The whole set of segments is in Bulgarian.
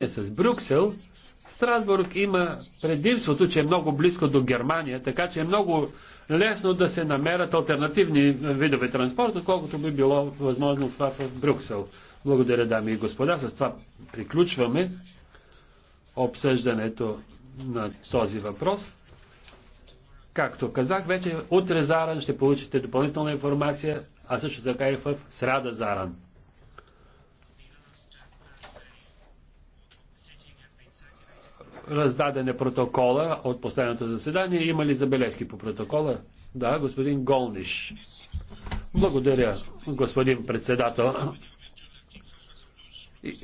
Е с Брюксел, Страсбург има предимството, че е много близко до Германия, така че е много лесно да се намерят альтернативни видове транспорт, отколкото би било възможно това в Брюксел. Благодаря, дами и господа. С това приключваме обсъждането на този въпрос. Както казах, вече утре Заран ще получите допълнителна информация, а също така и в Срада Заран. раздаден е протокола от последното заседание. Има ли забележки по протокола? Да, господин Голниш. Благодаря, господин председател.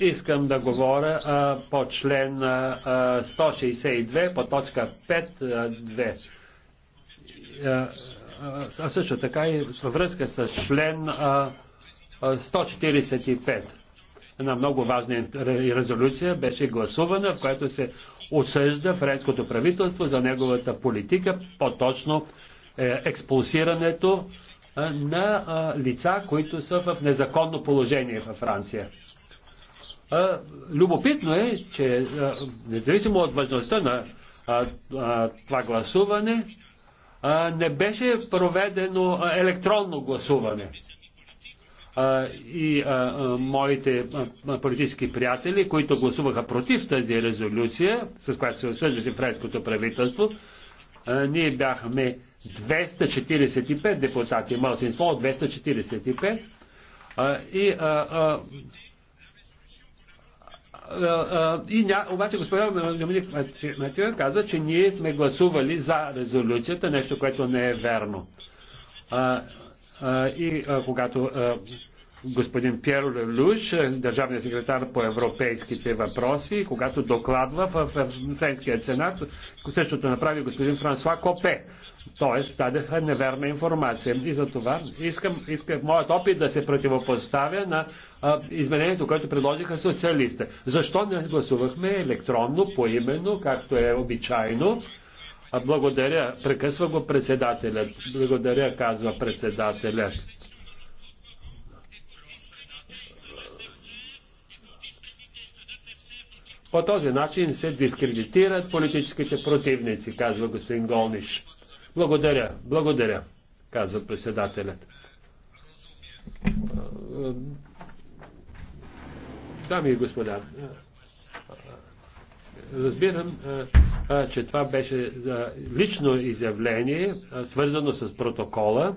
Искам да говоря а, по член а, 162, по точка 5.2. А, а също така и във връзка с член а, 145 една много важна резолюция беше гласувана, в която се осъжда френското правителство за неговата политика, по-точно е, експулсирането е, на е, лица, които са в незаконно положение във Франция. Е, любопитно е, че е, независимо от важността на е, е, това гласуване, е, не беше проведено електронно гласуване и моите политически приятели, които гласуваха против тази резолюция, с която се осъждаше френското правителство, ние бяхме 245 депутати, малцинство от 245 и и ня... обаче господин Доминик Матио каза, че ние сме гласували за резолюцията, нещо, което не е верно и когато господин Пьер Лелуш, държавният секретар по европейските въпроси, когато докладва в Френския сенат, същото направи господин Франсуа Копе. Тоест, дадеха неверна информация. И за това искам, искам моят опит да се противопоставя на а, изменението, което предложиха социалистите. Защо не гласувахме електронно, поименно, както е обичайно? Благодаря, прекъсва го председателят. Благодаря, казва председателят. По този начин се дискредитират политическите противници, казва господин Голниш. Благодаря, благодаря, казва председателят. Дами и господа, разбирам, че това беше за лично изявление, свързано с протокола.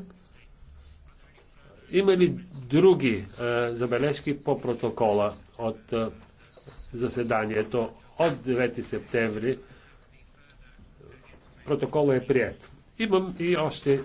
Има ли други забележки по протокола от заседанието от 9 септември? Протокола е прият. Имам и още